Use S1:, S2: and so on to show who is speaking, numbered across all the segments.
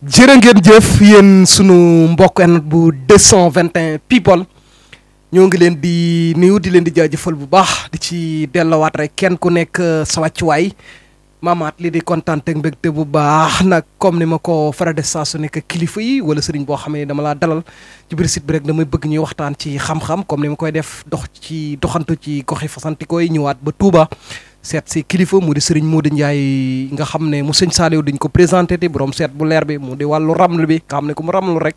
S1: jërë ngeen jëf yéen sunu mbokk en bu 221 people ñoo ngi leen di nuyu di leen di jaajëfal bu baax di ci dellowaat rek kenn ku nekk euh, sa wàccuwaay maamaat li di kontaan ak mbégte bu baax nag comme ni ma ko faral di saa su nekk kilifa yi wala sëriñ boo xam ne dama laa dalal ci biir bi rek damay bëgg ñuy waxtaan ci xam-xam comme ni ma koy def dox ci doxantu ci goxi fasantikoo yi ñëwaat ba Touba. seet si kilifa mu di Serigne di Ndiaye nga xam ne mu sëñ Saliou dañ ko présenté te borom seet bu leer bi mu di wàllu ramlu bi nga xam ne ku mu ramlu rek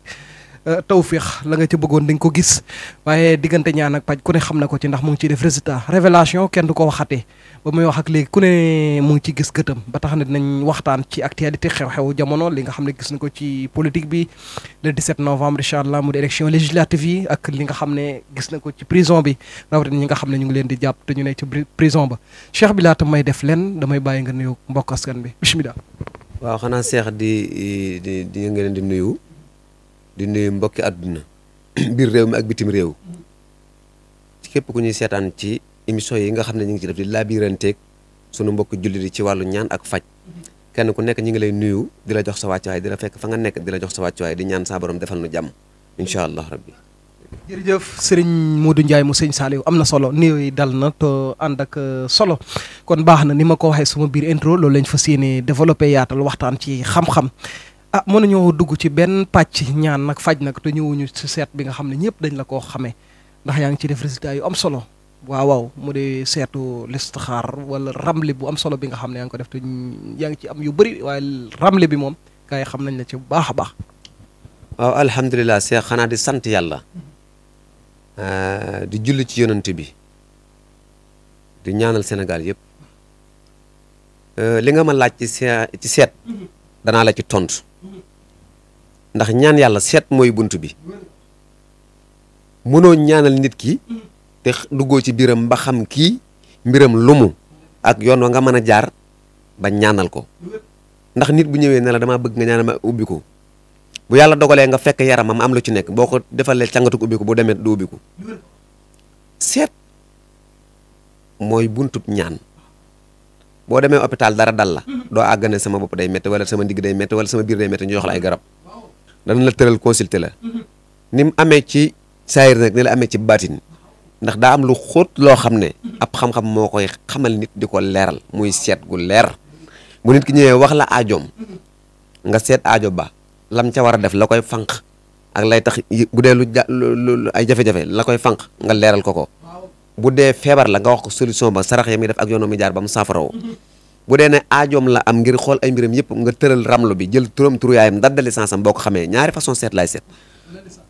S1: Euh, tawféex la nga ci bëggoon di ko gis waaye diggante ñaan ak paj ku ne xam na ko ci ndax mu ngi ciy def résultat révélation kenn du ko waxate ba muy wax ak léegi ku ne mu ngi ci gis gëtam ba tax na dinañ waxtaan ci actualité xew-xew jamono li nga xam ne gis na ko ci politique bi le 17 novembre incha allah mu di élection législative yi ak nga xam ne gis na ko ci prison bi rawatina ñi nga xam ne ñu ngi leen di jàpp te ñu ne ci prison ba cheikh bi laata may def leen damay bàyyi nga nuyu mbokk askan bi bismillah
S2: waaw xanaa seex di di di nga leen di nuyu di nuyu mbokki àdduna biir réew mi ak bitim réew ci képp ku ñuy seetaan ci émission yi nga xam ne ñu ngi ci def di laabiranteeg sunu mbokk jullit yi ci wàllu ñaan ak faj kenn ku nekk ñu ngi lay nuyu di la jox sa wàccuwaay di la fekk fa nga nekk di la jox sa wàccuwaay di ñaan saa defal nu jàmm incha allah rabbi
S1: jërëjëf sëriñ Modou njaay mu sëñ Saliou am na solo néew yi dal na to ànd ak euh, solo kon baax na ni ma ko waxee suma biir intro loolu lañ fas yéene développé yaatal waxtaan ci xam mën ah mënuñoo dugg ci benn pàcc ñaan nag faj nag te ñëwuñu ci seet bi nga xam ne ñëpp dañ la koo xamee ndax yaa ngi ci def résultat yu am solo waaw waaw mu dee seetu listixaar wala ramle bu am solo bi nga xam ne yaa ko def te yaa ngi ci am yu bëri waaye ramle bi moom gars yi xam nañ la ci bu baax a baax.
S2: waaw alhamdulilah Cheikh xanaa di sant yàlla ah, di julli ci yonent bi di ñaanal Sénégal yëpp eh, li nga ma laaj ci seet mm-hmm. danaa la ci tontu. ndax ñaan yàlla seet mooy bunt bi mënoo ñaanal nit ki te duggoo ci biiram ba xam kii mbiram lumu ak yoon wa nga mën a jaar ba ñaanal ko ndax nit bu ñëwee ne la damaa bëgg nga ñaanal ma ubbi ko bu yàlla dogalee nga fekk yaram am am la ci nekk boo ko defalee cangatu ubbi ko bu demee du ubbi ko seet mooy buntub ñaan boo demee hôpital dara dal la doo ne sama bopp day métti wala sama ndigg day métti wala sama biir day métti ñu jox la ay garab dana la tëral consulté la mhm. ni mu amee ci saayir nag ne la amee ci baatin ndax daa am lu xóot loo xam ne mhm. ab xam-xam moo koy xamal nit di ko leeral muy seet gu leer bu nit ki ñëwee wax la aajoom mhm. nga seet aajo ba lam ca war a def la koy fanq ak lay tax bu dee lu ja lu ay jafe-jafe la koy fanq nga leeral ko ko bu dee feebar la nga wax ko solution ba sarax ya muy def ak yoonam mi jaar ba mu saafaraw bu dee ne aajoom la am ngir xool ay mbiram yëpp nga tëral ramlu bi jël turam turu yaayam date de naissance am boo ko xamee ñaari façon seet laay seet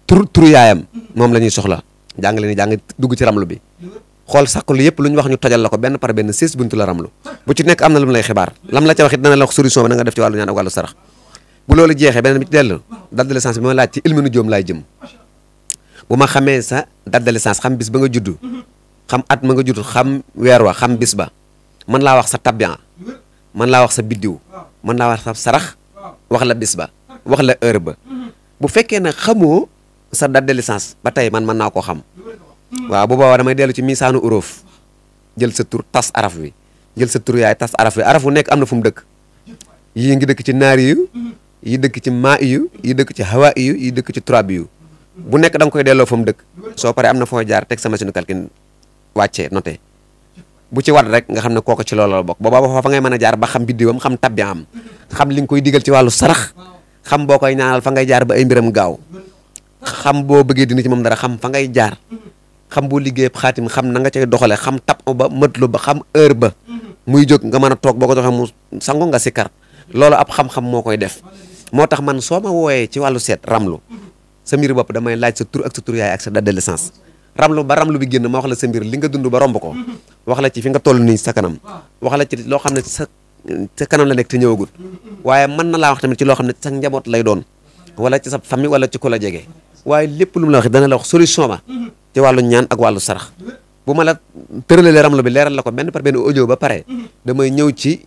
S2: tur turu yaayam moom la ñuy soxla jàng leen jàng dugg ci ramlu bi xool sàkku yëpp lu ñu wax ñu tojal la ko benn par benn sées buntu la ramlu bu ci nekk am na lu mu lay xibaar lam la ca wax it la wax solution nga def ci wàllu ñaan ak wàllu sarax bu loolu jeexee benn bi ci dellu date de naissance bi ma laaj ci ilmi nu bu ma xamee sa date de ba nga judd xam at ma nga judd xam weer wa xam bis ba mën laa wax sa tabian man laa wax sa biddiw mën laa wax sa sarax wax la bis ba wax la heure ba bu fekkee ne xamoo sa date de ba tey man mën naa koo xam waaw bu boobaa may dellu ci misaanu uróof jël sa tur tas araf wi jël sa tur yaay tas araf wi araf wu nekk am na fu mu dëkk yii ngi dëkk ci naar yu yi dëkk ci maa yu yi dëkk ci hawa yu yi dëkk ci turab yu bu nekk da koy delloo fa mu dëkk soo paree am na foo jaar teg sa machine calcul wàccee noté bu ci wat rek nga xam ne kooku ci loolu la bokk boobaa ba fa ngay mën a jaar ba xam biddiwam xam tabbi am xam li nga koy digal ci wàllu sarax xam boo koy ñaanal fa ngay jaar ba ay mbiram gaaw xam boo bëggee dina ci moom dara xam fa ngay jaar xam boo liggéey xaatim xam na nga cay doxale xam tab ba mëtlu ba xam heure ba muy jóg nga mën a toog boo ko joxee mu sango nga sikkar loolu ab xam-xam moo koy def moo tax man soo ma wooyee ci wàllu seet ramlu sa mbir bopp damay laaj sa tur ak sa tur yaay ak sa de naissance ramlu ba ramlu bi génn ma wax la sa mbir li nga dund ba romb ko wax la ci fi nga toll nii sa kanam wax la ci loo xam ne sa sa kanam la nekk te ñëwagul waaye mën na laa wax tamit ci loo xam ne sa njaboot lay doon wala ci sa famille wala ci ko la jege waaye lépp lu la wax dana la wax solution ba ci wàllu ñaan ak wàllu sarax bu ma la tëralee ramlu bi leeral la ko benn par benn audio ba pare damay ñëw ci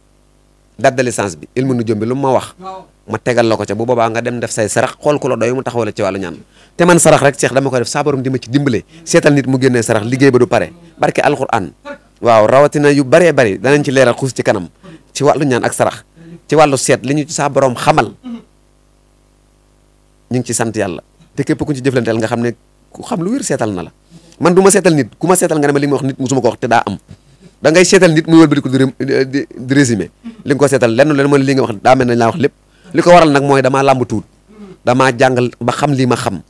S2: date de licence bi ilmu nujum bi lu ma wax ma tegal la ko ca bu boobaa nga dem def say sarax xool ku la doy mu taxaw la ci wàllu ñaan te man sarax rek seex dama ko def saabarum di nit mu génnee sarax liggéey ba du pare barke alquran waaw rawatina yu bëree bëri danañ ci leeral xuus ci kanam ci wàllu ñaan ak sarax ci wàllu seet li ñu ci saa borom xamal ci sant yàlla te képp ku ci jëflanteel nga xam ne ku xam lu wér seetal na la man du ma seetal nit ku ma seetal nga ne ma li ma wax nit musuma da ngay seetal nit muy wëlbati ko di di résumé mm-hmm. li ko seetal lenn lenn mooy li nga wax daa mel ne laa wax lépp li ko waral nag mooy damaa làmb tuut damaa jàngal ba xam lii ma xam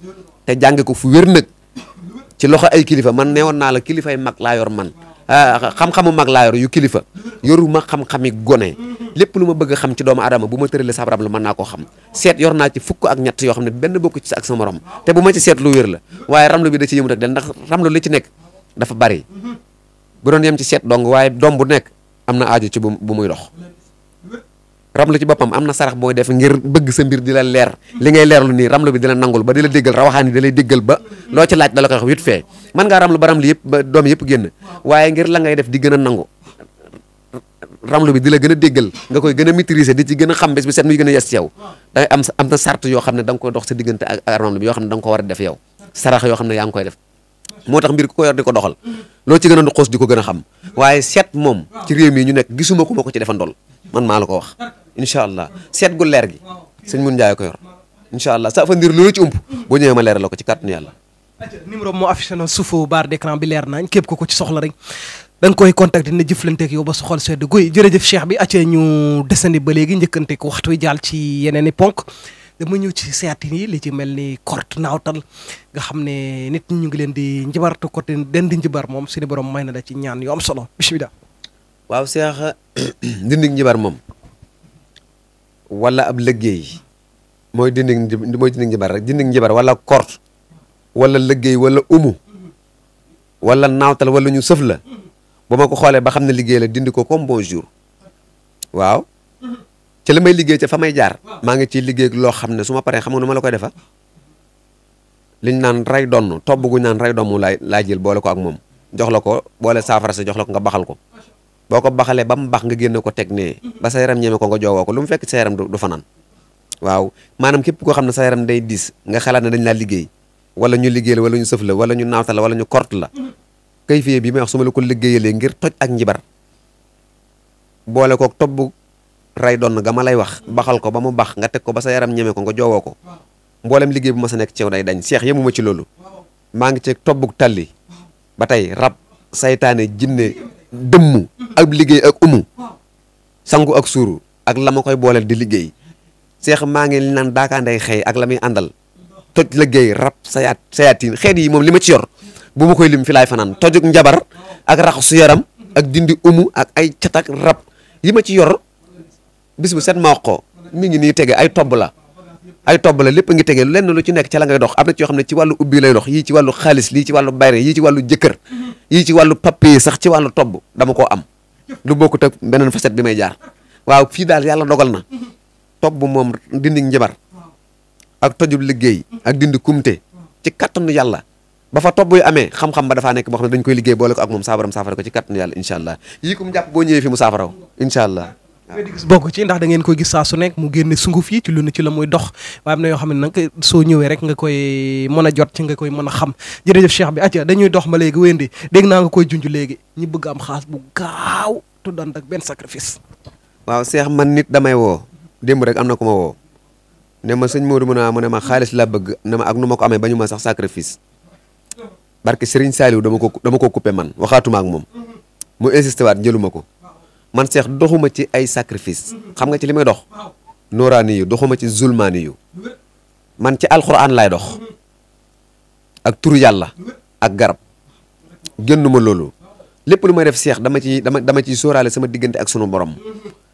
S2: te jànge ko fu wér nag ci loxo ay kilifa man neewoon naa la yi mag laa yor man ah, xam-xamu mag laa yor yu kilifa ma xam xam yi gone mm-hmm. lépp lu ma bëgg xam ci doomu adama bu ma tëralee sabrab la mën naa ko xam seet yor naa ci fukk ak ñett yoo xam ne benn bokku ci ak sa morom te bu ma ci seet lu la waaye ramlu bi da ci yëmut ak del ndax ramlu li ci nekk dafa bari mm-hmm. bu doon yem ci seet dong waaye doom bu nekk am na aajo ci bu muy dox ramlu ci boppam am na sarax booy def ngir bëgg sa mbir di la leer li ngay leerlu nii ramlu bi di la nangul ba di la déggal rawaxaan yi di lay déggal ba loo ci laaj da la koy wax wit yëpp ba doom yëpp génn waaye ngir la ngay def di a nangu ramlu bi di a déggal nga koy gën a maîtriser di ci gën a xam bés bi set muy gën a yes ci am am sart yoo xam ne da nga koy dox sa diggante ak ramlu bi yoo xam ne da nga ko war a def yow sarax yoo xam ne yaa ngi koy def moo tax mbir ku ko yor di ko doxal loo ci gën a xoos di ko gën a xam waaye seet moom ci réew mi ñu nekk gisuma ku ma ko ci defandool man maa la ko wax incha allah seet gu leer gi sëñ mun njaay ko yor allah sa fa ndir lu ci ump boo ñëwee ma leeral la ko ci kàttanu yàlla
S1: numéro moo affiché na suufu barre d'écran bi leer nañ képp ko ko ci soxla rek da koy contacté dina jëflanteeg yow ba su xool sedd guy jërëjëf cheikh bi acce ñu desandi ba léegi njëkkanteeg waxtu wi jàll ci yeneen i ponk dama ñëw ci seetin yi li ci mel ni kort naawtal nga xam ne nit ñu ngi leen di njibar te kort den di njibar moom suñu borom may na da ci ñaan yu am solo bisimilah.
S2: waaw seex dindi njibar moom wala ab liggéey mooy dindi mooy dindi njibar rek dindi njibar wala kort wala liggéey wala umu wala naawtal wala ñu sëf boo ba ma ko xoolee ba xam ne liggéey la dindi ko comme bonjour waaw. ca la may liggéey ca fa may jaar maa ngi ciy liggéey loo xam ne su ma paree xam nga nu ma la koy defa liñ naan ray donn tobb guñ naan ray donn laay laay jël boole ko ak moom jox la ko boole saafara sa jox la ko nga baxal ko boo ko baxalee ba mu bax nga génn ko teg nee ba sa yaram ñeme ko nga joowoo ko lu mu fekk sa yaram du fanaan waaw maanaam képp koo xam ne sa yaram day diis nga xalaat ne dañ laa liggéey wala ñu liggéey la wala ñu sëf la wala ñu naawta la wala ñu kort la kayfiye bi may su ma la ko liggéeyalee ngir toj ak njibar boole koog ray doon ga ma lay wax baxal ko ba mu bax nga teg ko ba sa yaram ñeme ko nga joowoo ko mboolem liggéey bu ma sa nekk ceew day dañ seex yemuma ci loolu maa ngi ceeg tobbug talli ba tey rab saytaane jinne dëmm ak liggéey ak umu sangu ak suuru ak la ma koy booleel di liggéey seex maa ngi naan daakaanday ak la muy àndal toj liggéey rab sayaat sayaatiin xeet yi moom li ma ci yor bu ma koy lim fi laay fanaan tojug njabar ak raxasu yaram ak dindi umu ak ay catak rab yi ci yor bis bu set ma wax ko mi ngi nii tege ay tobb la ay tobb la lépp a ngi tege lenn lu ci nekk ca la ngay dox am na ci yoo xam ne ci wàllu ubbi lay dox yii ci wàllu xaalis lii ci wàllu bayre yii ci wàllu jëkkër yii ci wàllu papier sax ci wàllu tobb dama koo am lu bokkut ak beneen facette bi may jaar waaw fii daal yàlla dogal na tobb moom dindi njabar ak tojub liggéey ak dindi kumte ci kattanu yàlla ba fa tobb yu amee xam-xam ba dafaa nekk boo xam koy liggéey boole ko ak moom saabaram saafara ko ci kattanu yàlla incha allah yii kum jàpp
S1: boo ko gis ci ndax da ngeen koy gis saa su nekk mu génne sunguf yi ci lu ne ci la muy dox waaye am na yoo xam ne nag soo ñëwee rek nga koy mën a jot ci nga koy mën a xam jërëjëf cheikh bi atia dañuy dox ba léegi wéndi dégg naa nga koy junj léegi ñu bëgg am xaas bu gaaw te doon ak benn sacrifice
S2: waaw seex man nit damay woo démb rek am na ko ma wo ne ma sëñ Modou mu ne ma ne ma xaalis laa bëgg ne ma ak nu ma ko amee ba ñu ma sax sacrifice barke Serigne Saliou dama ko dama ko coupé man waxaatuma ak moom mu insisté waat jëluma ko man seex doxuma ci ay sacrifice xam nga ci li may dox nooraani yu doxuma ci zulmaani yu man ci alxuraan lay dox ak turu yàlla ak garab génnuma loolu lépp lu may def seex dama ci dama dama ciy sóoraale sama diggante ak sunu borom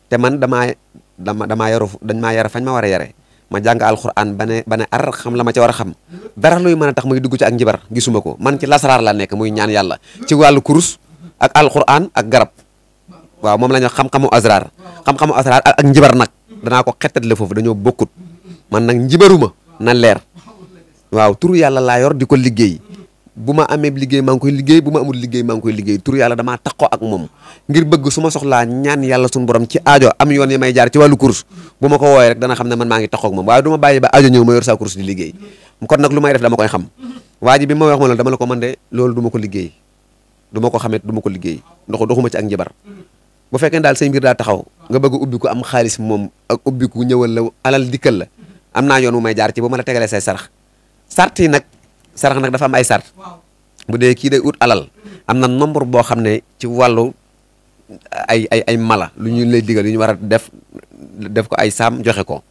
S2: te man damaa dama damaa yaru dañ maa yara fañ ma war a yare ma jàng alxuraan ba ne ba ar xam la ma ci war a xam dara luy mën a tax muy dugg ci ak njibar gisuma ko man ci lasaraar laa nekk muy ñaan yàlla ci wàllu kurus ak alxuraan ak garab waaw moom la ñu xam-xamu asraar xam-xamu asraar ak njibar nag danaa ko xettat la foofu dañoo bokkut man nag njibaruma na leer waaw turu yàlla laa yor di ko liggéey bu ma amee liggéey maa ngi koy liggéey bu ma amul liggéey maa ngi koy liggéey turu yàlla damaa takkoo ak moom ngir bëgg su ma soxlaa ñaan yàlla suñu borom ci aajo am yoon yi may jaar ci wàllu course bu ma ko wooyee rek dana xam ne man maa ngi takkoo moom waaye du ma bàyyi ba aajo ñëw ma yor saa course di liggéey kon nag lu may def dama koy xam waa bi ma wax ma loolu la ko man de loolu du ma liggéey du ma ko xamee du ma ko liggéey ndox doxuma ci ak njibar bu fekkee daal say mbir daa taxaw nga bëgg ubbi ko am xaalis moom ubbiku ubbi ko ñëwal la alal dikkal la am na yoon wu may jaar ci ba mën a tegalee say sarax sart yi nag sarax nag dafa am ay sart bu dee kii day ut alal am na nombre boo xam ne ci wàllu ay ay ay mala lu ñu lay digal yu ñu war a def def ko ay saam joxe ko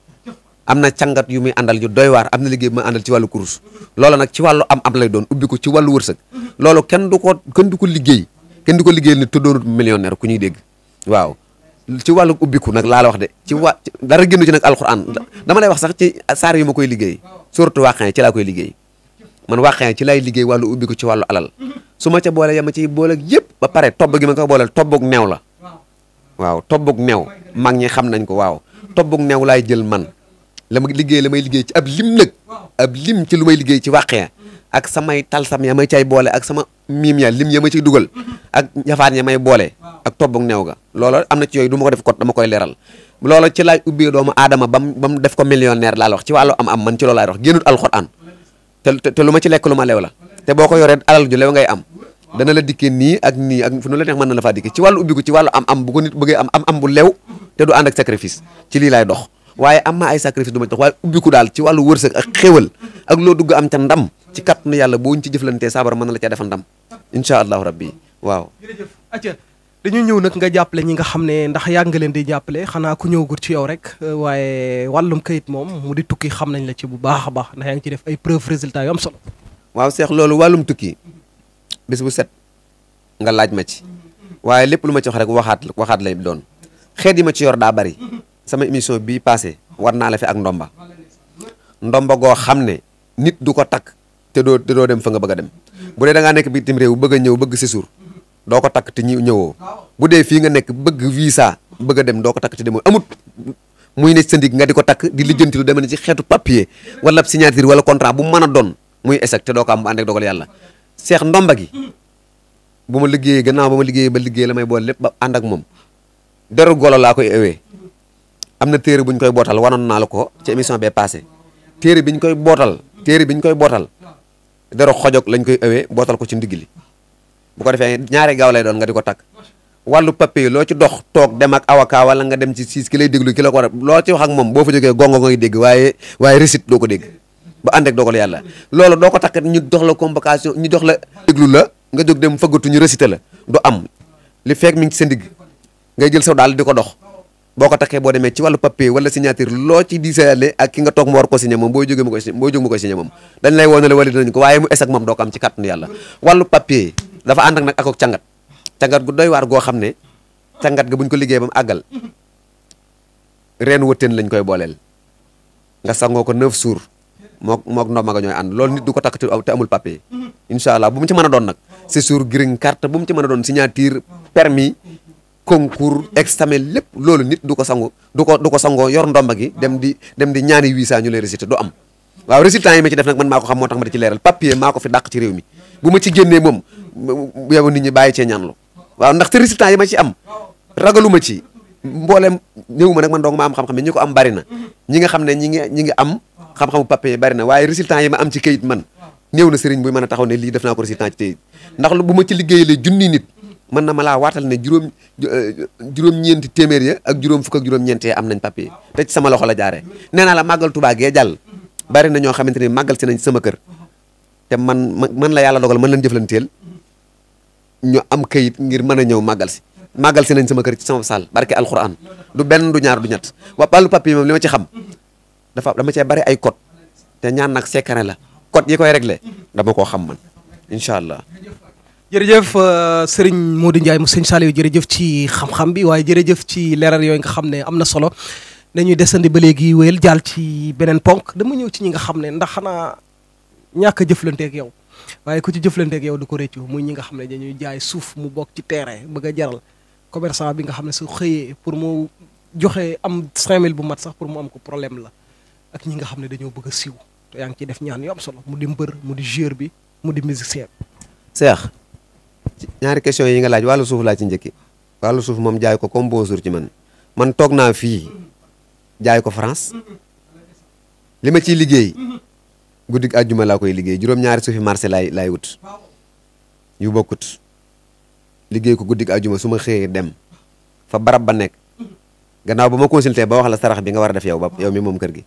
S2: am na càngat yu muy àndal yu doy waar am na liggéey bu muy àndal ci wàllu kurus loolu nag ci wàllu lay doon ubbi ko ci wàllu wërsëg mhm. loolu kenn du ko kenn du ko liggéey kenn du ko liggéey ne tëddoonut millionnaire ku ñuy dégg waaw ci wàllu ubbiku nag laa la wax de ci wa dara génn ci nag alxuraan dama lay wax sax ci saar yu ma koy liggéey surtout waaqee ci laa koy liggéey man waaqee ci lay liggéey wàllu ubbiku ci wàllu alal su ma ca boole yama ciy boole yëpp ba pare tobb gi ma ko booleel tobbug meew la waaw tobbug new mag ñi xam nañ ko waaw tobbug new laay jël man la ma liggéey la may liggéey ci ab lim nag ab lim ci lu may liggéey ci waaqee ak samay talsam ya may cay boole ak sama miim ya lim ya ma ciy dugal ak njafaan ya may boole ak tobbug neew ga loola am na ci yooyu du ma ko def kot dama koy leeral loola ci laay ubbee doomu aadama bam bam def ko millionnaire laa la wax ci wàllu am am man ci loolu laay wax génnut alxuraan te te lu ma ci lekk lu ma lew la te boo ko yoree alal ju leew ngay am dana la dikkee nii ak nii ak fu nu la neex mën na la faa dikkee ci wàllu ubbi ko ci wàllu am am bu ko am am am bu du ànd ak sacrifice ci lii laay dox waaye am naa ay sacrifice ma dox waaye ubbiku daal ci wàllu wërsëg ak xéewal ak loo dugg am ca ndam ci kàttanu yàlla boo ñu ci jëflantee saabara mën na la caa defal ndam incha allahu rabbi waaw. jërëjëf
S1: acca ñëw nag nga jàppale ñi nga xam ne ndax yàgg nga leen di jàppale xanaa ku ñëw ñëwagul ci yow rek euh, waaye wàllum kayit moom mu di tukki xam nañ la ci bu baax a baax ndax yaa ngi ci def ay preuve résultat yu am solo.
S2: waaw seex loolu wàllum tukki bis bu set nga laaj ma ci waaye lépp lu ma ci wax rek waxaat waxaat lay doon xeet yi ma ci yor daa bari sama émission bii passé war naa la fi ak ndomba goo xam ne nit du ko takk te doo te doo dem fa nga bëgg dem bu dee da ngaa nekk bitim réew bëgg a ñëw bëgg séjour doo ko takk te ñëwoo bu dee fii nga nekk bëgg visa bëgg a dem doo ko takk te demoo amut muy ne sa ndig nga di ko takk di lijjanti lu demee ne ci xeetu papier wala signature wala contrat bu mën a doon muy échec te doo ko am bu ànd ak dogal yàlla seex ndomba gi bu ma liggéeyee gannaaw ba ma liggéey ba liggéey la may boole lépp ba ànd ak moom deru golo laa koy ewee am na téere bu ñu koy bootal wanoon naa la ko ci émission bee passé téere bi ñu koy bootal téere bi ñu koy bootal deru xojog lañ koy awee bootal ko ci ndigg li bu ko defee ñaari gaaw lay doon nga di ko takk wàllu papier loo ci dox toog dem ak avocat wala nga dem ci siis ki lay déglu ki la ko war loo ci wax ak moom boo fa jógee gongo ngay dégg waaye waaye récite doo ko dégg ba ànd ak yàlla loolu doo ko takk ñu dox la convocation ñu dox la déglu la nga jóg dem fëggatu ñu récité la du am li feek mi ngi ci sa ndigg ngay jël saw daal di ko dox boo ko taxee boo demee ci wàllu papier wala signature loo ci diisaale ak ki nga toog mu war ko signé moom booy jóge mu koy booy jóge mu koy signé moom dañ lay woonale wala dinañ waar goo xam ne cangat ga buñ ko liggéey ba mu àggal reen wëtteen lañ koy booleel nga sangoo ko neuf jours mook mook ndox ma nga ñooy ànd loolu nit du ko takk te amul papier incha allah bu mu ci mën a doon nag c'est sur green carte bu mu ci mën a doon signature permis concours examen lépp loolu nit du ko sango du ko du ko sangoo yor ndomba gi dem di dem di ñaani huit cent ñu lay résultat du am waaw résultat yi ma ci def nag man maa ko xam moo tax ma di ci leeral papier maa ko fi dàq ma ci génnee moom ma ci am ragaluma ci mboolem ñëwuma nag man dong ma am xam-xam ñi ko am bari na ñi nga xam ne ñi ngi ñi ngi am xam-xamu papier bari na waaye résultat yi ma am ci kayit man néew na sëriñ buy mën a taxaw ne li def naa ko résultat ci tey ndax bu ma ci liggéeyee junni nit mën na ma laa waatal ne juróom euh, juróom-ñeenti téeméer ya ak juróom fukk ak juróom-ñeent ya am nañ papier te ci sama loxo la jaare nee la màggal Tuubaa gee jàll bari na ñoo xamante ne màggal si nañ sama kër te man man la yàlla dogal man leen jëflanteel ñoo am kayit ngir mën a ñëw màggal si màggal si nañ sama kër ci sama saal barke alxuraan du benn du ñaar du ñett wa wàllu papier moom li ma ci xam dafa dama cee bari ay code te ñaan nag secret la code yi koy réglé dama koo xam man incha allah
S1: jërëjëf euh, sëriñ di Ndiaye mu sëñ Saliou jërëjëf ci xam-xam bi waaye jërëjëf ci leeral yooyu nga xam ne am na solo nañuy desandi ba léegi wéyal jaal ci beneen ponk dama ñëw ci ñi nga xam ne ndax xanaa ñàkk a jëflanteeg yow waaye ku ci jëflanteeg yow du ko réccu muy ñi nga xam ne dañuy jaay suuf mu bokk ci terrain bëgg a jaral commerçant bi nga xam ne su xëyee pour mu joxe am 5000 bu mat sax pour mu am ko problème la ak ñi nga xam ne dañoo bëgg a siiw yaa ngi ciy def ñaan yu am solo mu di mbër mu di joueur bi mu di musicien bi.
S2: Cheikh ñaari question yi nga laaj wàllu suuf laa ci njëkki wàllu suuf moom jaay ko comme bonjour ci man man toog naa fii jaay ko France li ma ciy liggéey guddig àjjuma laa koy liggéey juróom-ñaari suufi marché laay laay wut yu bokkut liggéey ko guddig àjjuma su ma xëyee dem fa barab ba nekk gannaaw ba ma consulté ba wax la sarax bi nga war a def yow ba yow mi moom kër gi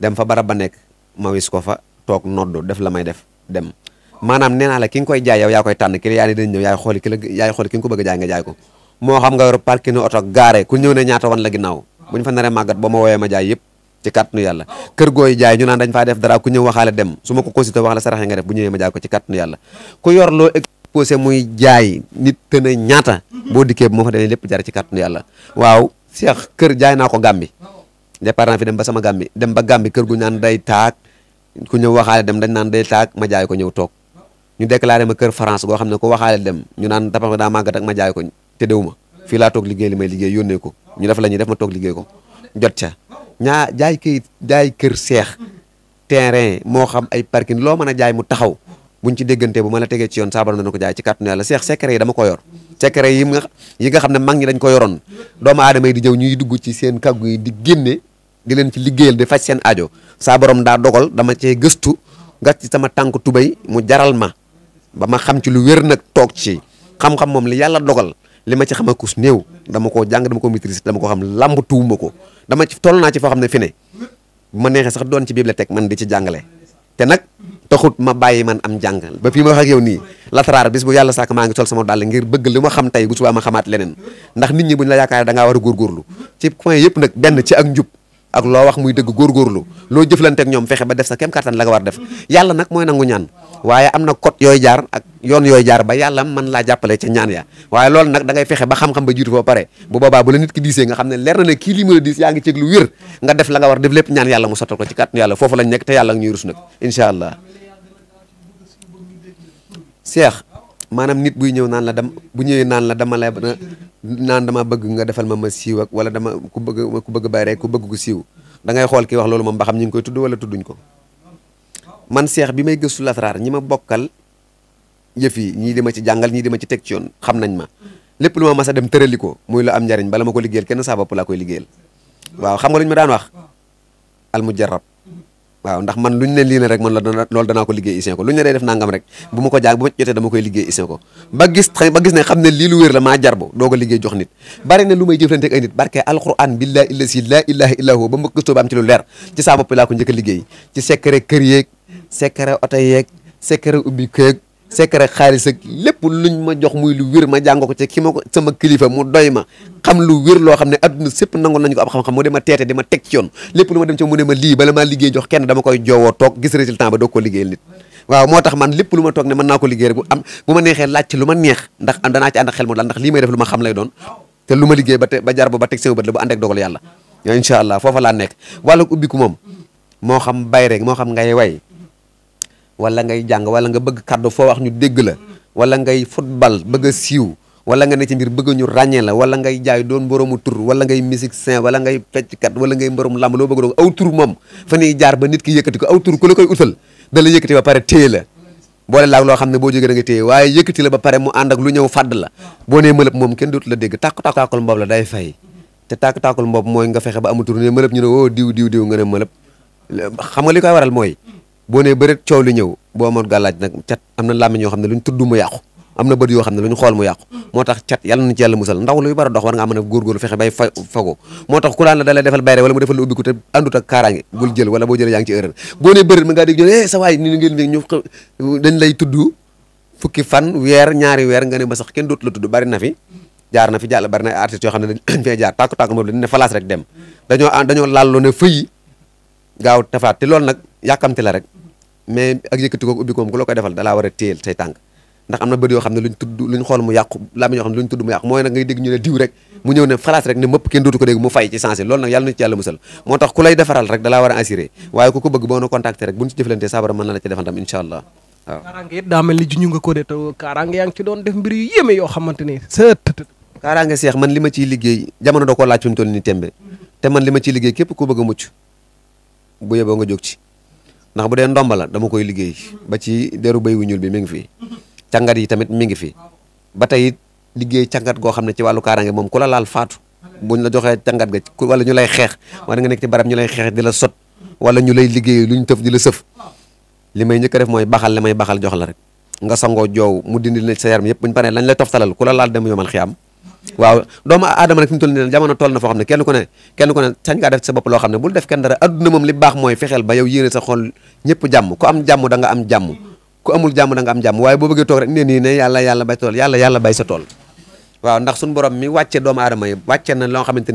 S2: dem fa barab ba nekk ma wis ko fa toog noddu def la may def dem maanaam nee naa ki nga koy jaay yow yaa koy tànn client yi dañ ñëw yaay xooli ki la yaay xooli ki nga a jaay nga jaay ko moo xam nga yor parking oto gaare ku ñëw ne ñaata wan la ginnaaw bu naan dañ faa def dara ku ñëw waxaale dem wax la saraxe nga def bu ñëwee ko ci kàttanu yàlla ku jaay nit ñaata boo dikkee moo fa demee lépp jar ci kàttanu yàlla waaw jaay naa ko Gàmbi départ naa fi dem ba sama Gàmbi dem ba Gàmbi kër gu ñaan day taak ku ñëw waxaale dem dañ naan day taak ma jaay ko ñëw toog ñu déclaré ma kër France goo xam ne ku waxaale dem ñu naan tabax daa màggat ak ma jaay ko te dew ma fii laa toog liggéey li may liggéey yónnee ko ñu def la ñuy def ma toog liggéey ko jot ca ñaa jaay kayit jaay kër seex terrain moo xam ay parking loo mën a jaay mu taxaw buñ ci déggante bu ma la tegee ci yoon saabal na ko jaay ci kàttanu yàlla seex secret yi ko yor secret yi nga yi nga xam ne mag ñi dañ ko yoroon doomu aadama yi di jëw ñuy dugg ci seen kaggu yi di génne di leen ci liggéeyal di faj seen aajo saa daa dogal dama cee gëstu nga ci sama tànk tubay mu jaral ma ba ma xam ci lu wér nag toog ci xam-xam moom li yàlla dogal li ma ci xam a akus néew dama koo jàng dama ko maîtriser dama ko xam làmb tuuma ko dama ci toll naa ci foo xam ne fi ne ma neexee sax doon ci bibliothèque man di ci jàngale te nag taxut ma bàyyi man am jàngal ba fii ma wax ak yow nii lataraar bis bu yàlla sàkk maa ngi sol sama dàll ngir bëgg ma xam tey bu subaa ma xamaat leneen ndax nit ñi buñ la yaakaar danga war a góorgóorlu ci point yëpp nag benn ci ak njub ak loo wax muy dëgg góorgóorlu loo jëflante ak ñoom fexe ba def sa kem kàttan la nga war def yàlla nag mooy nangu ñaan waaye am na code yooyu jaar ak yoon yooy jaar ba yàlla man laa jàppale ca ñaan ya waaye loolu nag dangay ngay fexe ba xam-xam ba jiitu ba pare bu boobaa bu la nit ki diisee nga xam ne leer na ne kii lii ma la diis yaa ngi ceeg lu wér nga def la nga war def lépp ñaan yàlla mu sottal ko ci kàttan yàlla foofu la nekk te yàlla ñuy rus nag incha allah seex maanaam nit buy ñëw naan la dam bu ñëwee naan la dama la naan dama bëgg nga defal ma ma siiw ak wala dama ku bëgg ku bëgg bay rek ku bëgg ku siiw da ngay xool kii wax loolu ba xam ñu ngi koy tudd wala tudduñ ko man seex bi may gëstu lasraar ñi ma bokkal yëf yi ñii di ma ci jàngal ñii di ci teg ci yoon xam nañ ma lépp lu ma mas a dem tërali ko muy lu am njariñ bala ma ko liggéeyal kenn saa bopp laa koy liggéeyal waaw xam nga lu ñu daan wax almujarab waaw ndax man lu ñu ne lii na rek man la loolu danaa ko liggéey isin ko lu ñu ne day nangam rek bu ma ko jàng bu ma ko ba gis gis ne xam ne lii lu wér la maa jarbo doo jox nit bari na lu may jëflanteeg ay nit barke alquran billahi illasi la ilaha illa ba ma gëstoo am ci lu leer ci saa bopp ko njëkk a liggéey ci secret kër yeeg secret oto yeeg secret ubbi keeg secret xaalis ak lépp luñ ma jox muy lu wér ma jàng ko ci ki ma ko sama kilifa mu doy ma xam lu wér loo xam ne adduna sépp nangoon nañu ko xam-xam mu dema teete di ma ci yoon lépp lu ma lii bala maa liggéey jox kenn dama koy joowoo toog gis résultat ba doog ko liggéeyal nit waaw moo lépp lu ma toog ne mën naa ko liggéey rek am bu ma neexee laaj ci lu ma neex ndax am danaa ci xel mu daal ndax lii may def lu ma xam lay doon te lu ma liggéey ba te ba jar ba ba teg sama bët la bu ànd ak dogal yàlla incha allah foofa laa nekk wàllu ubbiku moom moo xam bay rek moo xam ngay way wala ngay jàng wala nga bëgg kàddu foo wax ñu dégg la wala ngay football bëgg a siiw wala nga ne ci mbir bëgg ñu ràññee la wala ngay jaay doon boroomu tur wala ngay musique saint wala ngay fecckat wala ngay borom làmb loo bëgg doon aw tur moom fa ñuy jaar ba nit ki yëkkati ko aw tur ku la koy utal da la yëkkati ba pare téye la boole laag loo xam ne boo jógee da nga téye waaye yëkkati la ba pare mu ànd ak lu ñëw fàdd la boo nee mëlëb moom kenn dootu la dégg tàkku tàkku tàkkul mboob la day fay te tàkku mooy nga fexe ba amatur ne mëlëb ñu ne woo diw diw diw nga ne mëlëb xam nga li koy waral mooy boo nee bëreet coow li ñëw boo amoon gàllaaj nag cat am na làmmiñ yoo xam ne lu ñu tudd mu yàqu am na bët yoo xam ne lu ñu xool mu yàqu moo tax cat yàlla na ci yàlla musal ndaw luy bara dox war nga mën a góorgóorlu fexe bay fa fago moo tax ku laan la dalee defal bayre wala mu defal la ubbiku te àndut ak kaaraange bul jël wala boo jëlee yaa ngi ci boo nee bëreet mën eh, fan weer ñaari weer nga ne ba sax kenn dootu la tudd bari na jaar na fi jàll bari na artiste ne dañ fee jaar tàkk tàkk moom dañ ne falaas rek dem dañoo dañoo laal lu ne fëyi gaaw loolu nag yàkkamti la rek mais ak yëkkati ko ubbi ko moom ku la koy defal dalaa war a téyel tànk ndax am na bët yoo xam ne luñ tudd luñ xool mu yàqu làmmiñ yoo xam ne luñ tudd mu yàqu mooy nag ngay dégg ñu ne diw rek mu ñëw ne falaas rek ne mëpp kenn dootu ko dégg mu fay ci sensé loolu nag yàlla na ci yàlla moo tax ku defaral rek dalaa war a assuré waaye ku ko bëgg boo na contacté rek buñ ci jëflantee sabara mën na la ci defal tam allah
S1: kaaraange it ci doon def mbir yu yoo xamante ni
S2: kaaraange seex man li ma ciy liggéey jamono doo ko laaj fu mu toll ni tembe te man li ma ciy liggéey képp ku a mucc ndax bu dee ndomba la dama koy liggéey ba ci deru béy wu ñuul bi mi ngi fi càngat yi tamit mi ngi fi ba tey liggéey càngat goo xam ne ci wàllu kaaraange moom ku la laal faatu buñ la joxee càngat ga wala ñu lay xeex wala nga nekk ci barab ñu lay xeex di la sot wala ñu lay liggéey lu ñu tëf di la sëf li may njëkk a def mooy baxal li may baxal jox la rek nga sangoo joow mu dindil na sa yaram yëpp buñ paree lañ lay toftalal ku la laal dem yomal am waaw doomu aadama nag fi mu toll nii jamono xam ne kenn ku sañ ngaa def sa loo xam ne bul def kenn dara adduna moom li baax mooy fexeel ba yow yéene sa xol ñëpp jàmm am jàmm da nga am jàmm ku amul jàmm da nga am jàmm waaye boo bëggee toog rek ne nii ne yàlla yàlla bay tool yàlla yàlla bay sa tool waaw ndax suñu borom mi wàcce doomu aadama yi wàcce na loo xamante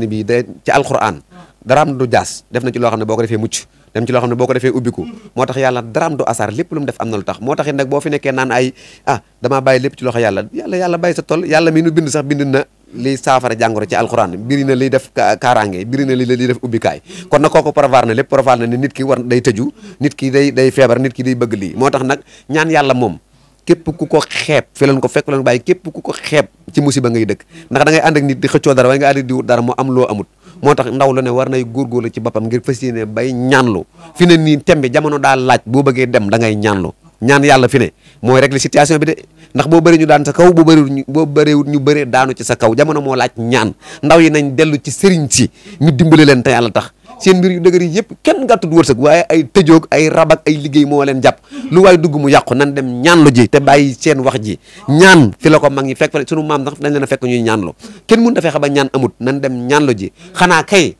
S2: boo ko defee mucc dem ko defee ubbiku moo tax yàlla daraam du asaar lépp lu def am na lu tax moo tax it nag boo fi nekkee naan ay ah damaa bàyyi lépp ci loxo yàlla yàlla yàlla bay sa tool yàlla mi nu sax bind na liy saafara jàngoro ci alxuraan biri na liy def kaaraange biri na li liy def ubbikaay kon na kooku prévoir na lépp prévoir na nit ki war day tëju nit ki day day feebar nit ki day bëgg lii moo tax nag ñaan yàlla moom képp ku ko xeeb fi ko fekk leen bàyyi képp ku ko xeeb ci musiba ngay dëkk ndax da ngay ànd ak nit di xëccoo dara waaye nga ànd ak di wut dara moo am loo amut moo tax ndaw la ne war nay góorgóorlu ci boppam ngir fas yéene bay ñaanlu fi ne nii tembe jamono daa laaj boo bëggee dem da ngay ñaanlu ñaan yàlla fi ne mooy régler situation bi de ndax boo bëri ñu daan sa kaw boo ñu boo bëriwul ñu bëree daanu ci sa kaw jamono moo laaj ñaan ndaw yi nañ dellu ci sëriñ si ñu dimbali leen te yàlla tax seen mbir yu dëgër yi yëpp kenn gàttut wërsëg waaye ay tëjoog ay rabak ay liggéey moo leen jàpp lu waay dugg mu yàqu nan dem ñaanlu ji te bàyyi seen wax ji ñaan fi la ko mag ñi fekk fa sunu maam ndax dañ leen fekk ñuy ñaanlu kenn mun dafee ba ñaan amut nan dem ñaanlu ji xanaa kay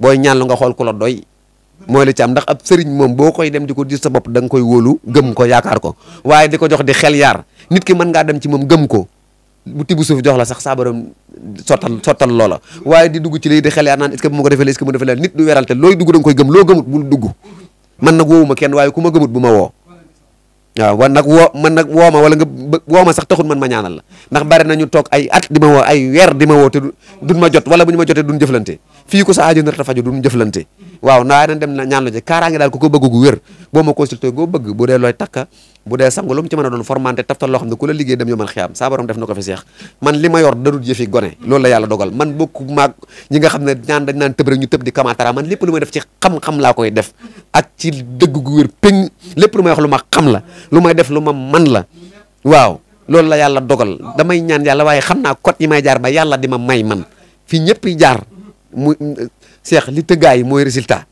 S2: booy ñaanlu nga xool ku la doy mooy la ci am ndax ab sëriñ moom boo koy dem di ko gis sa bopp da koy wóolu gëm ko yaakaar ko waaye di ko jox di xel yaar nit ki mën ngaa dem ci moom gëm ko bu tibb suuf jox la sax saa borom sottal sottal loola waaye di dugg ci lii di xel yaar naan est bu ma ko defee est-ce que mu nit du weral te looy dugg da nga koy gëm loo gëmut bul dugg man nag woowuma kenn waaye ku ma gëmut bu ma woo waaw wan nag woo man nag woo ma wala nga woo ma sax taxul man ma ñaanal la ndax bari nañu toog ay at di ma woo ay weer di ma woo te ma jot wala bu ñu ma jotee duñ jëflante fii ko sa aajo nar tafaju duñ jëflante waaw naa nañ dem na ñaan la ci kaaraange daal ku ko bëgg gu wér boo ma consulté goo bëgg bu dee looy takka bu dee sangu lu mu ci mën a doon formanté taftal loo na ko ma yor dadul jëfi gone loolu la yàlla dogal man bokku nga xam ne ñaan dañ naan tëb rek ñu tëb di kamaatara man lépp lu may gu lépp lu may wax lu ma xam la lu may def lu ma man la waaw loolu la yàlla dogal damay ñaan yàlla waaye xam naa code yi may jaar ba yàlla di ma may man fii ñëpp jaar mu seex li tëggaay mooy résultat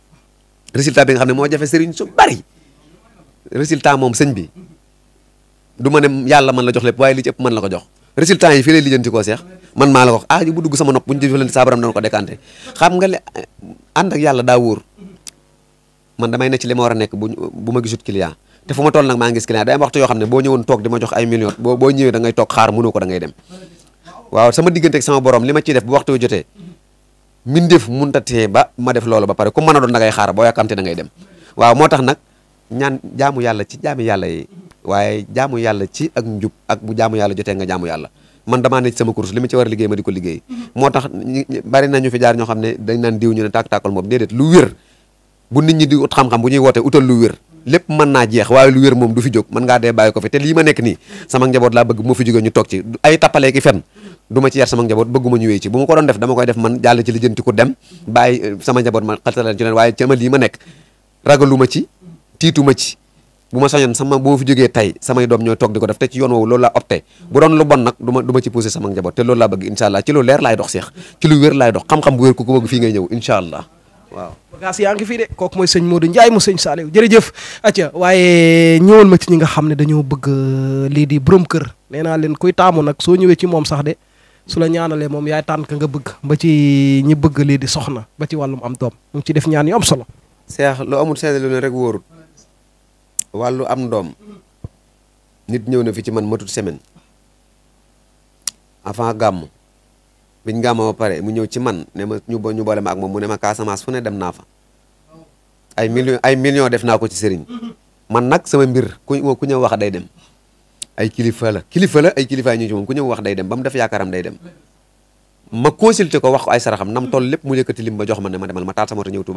S2: résultat bi nga xam ne moo jafe sëriñ su bari résultat moom sëñ bi du ma ne yàlla man la jox lépp waaye li ci ëpp man la ko jox résultat yi fii lay ti koo seex man maa la ko wax ah bu dugg sama nopp bu ñu jëfandikoo saabaram xam nga li ànd ak yàlla daa wóor man damay ne li ma war a nekk bu bu ma gisut client te fu ma toll nag maa gis client day am waxtu yoo xam ne boo ñëwoon toog di ma jox ay million boo boo ñëwee da ngay toog xaar mënoo ko da ngay dem waaw sama diggante ak sama borom li ma ciy def bu waxtu jotee mbindeef munta tee ba ma def loolo ba pare ku mën a doon da ngay xaar boo yàkkamte da ngay dem waaw moo tax nag ñaan jaamu yàlla ci jaami yàlla waaye jaamu yàlla ci ak njub ak bu jaamu yàlla jotee nga jaamu yàlla man damaa ne ci sama course li mu ci war a liggéey ma di ko liggéey moo tax bari na ñu fi jaar ñoo xam ne dañ naan diw ñu ne tàkk-tàkkal dee déedéet lu wér bu nit ñi di ut xam-xam bu ñuy woote utal lu wér lépp mën naa jeex waaye lu wér moom du fi jog mën ngaa dee bàyyi ko fi te lii ma nekk nii sama njaboot laa bëgg moo fi jógee toog ci ay tappaleeki fen duma ci yar sama njaboot bëgguma ñu wéy ci bu ma ko doon def dama koy def man jàll ci lijjanti ku dem bàyyi eh, sama njaboot ma xaltaleen ci leen waaye ca ma lii ma nekk ma ci tiitu ma ci bu ma soñoon sama boo fi jógee tay doom ñooy toog ko def te ci yoon woowu loolu laa opté bu doon ma du ma ci poussé sama njaboot te loolu allah ci lu leer laay dox seex ci lu wér laay dox xam-xam bu wér ku ko bëgg fii ngay ñëw incha allah
S1: waaw bagaas yaa ngi fii de kooku mooy sëñ Modou Ndiaye mu sëñ Saliou jërëjëf acca waaye ñëwal ma ci ñi nga xam ne dañoo bëgg eh, lii di borom kër nee naa leen kuy taamu nag soo ñëwee ci moom sax de su la ñaanalee moom yaay tànn ka nga bëgg ba ci ñi bëgg lii di soxna ba ci wàllum am doom mu ngi ci def ñaan am solo.
S2: seex lu amul seede rek wóorut wàllu am doom nit ñëw na fi ci man matut semaine avant gàmm biñ gàmma ba pare mu ñëw ci man ne ma ñu ñu boole ma ak moom mu ne ma Casamance fu ne dem naa fa ay millions ay millions def naa ko ci sëriñ man nag sama mbir ku ku ñëw wax day dem. ay kilifa la kilifa la ay kilifa ñu ci moom ku ñëw wax day dem ba mu def yaakaaram day dem ma consulté ko wax ko ay saraxam nam toll lépp mu yëkkati lim ba jox ma ne ma demal ma taal sama moto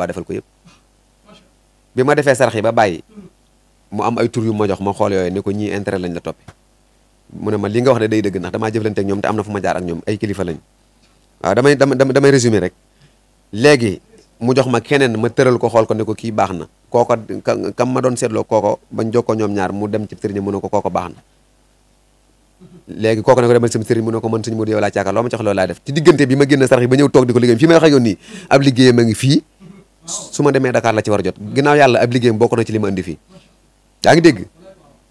S2: bi ma defee sarax yi ba bàyyi mu am ay tur yu ma jox ma xool yooyu ne ko ñii intérêt lañ la topp mu ne ma li nga wax de day dëgg ndax damaa jëflante ñoom te am na fu ma jaar ak ñoom ay kilifa lañ waaw damay damay résumé rek léegi mu jox ma keneen ma tëral ko xool ko ne ko kii baax na kooko kam ma doon seetloo kooko bañ ko ñoom ñaar mu dem ci sëriñ mu ne ko kooko baax na léegi kooku ne ko demal sama sëriñ mu ne ko mën sëñ Modou yow ko liggéeyam fii a ma demee Dakar la ci war a jot ginnaaw yàlla ab liggéeyam bokk na ci li ma indi fii yaa ngi dégg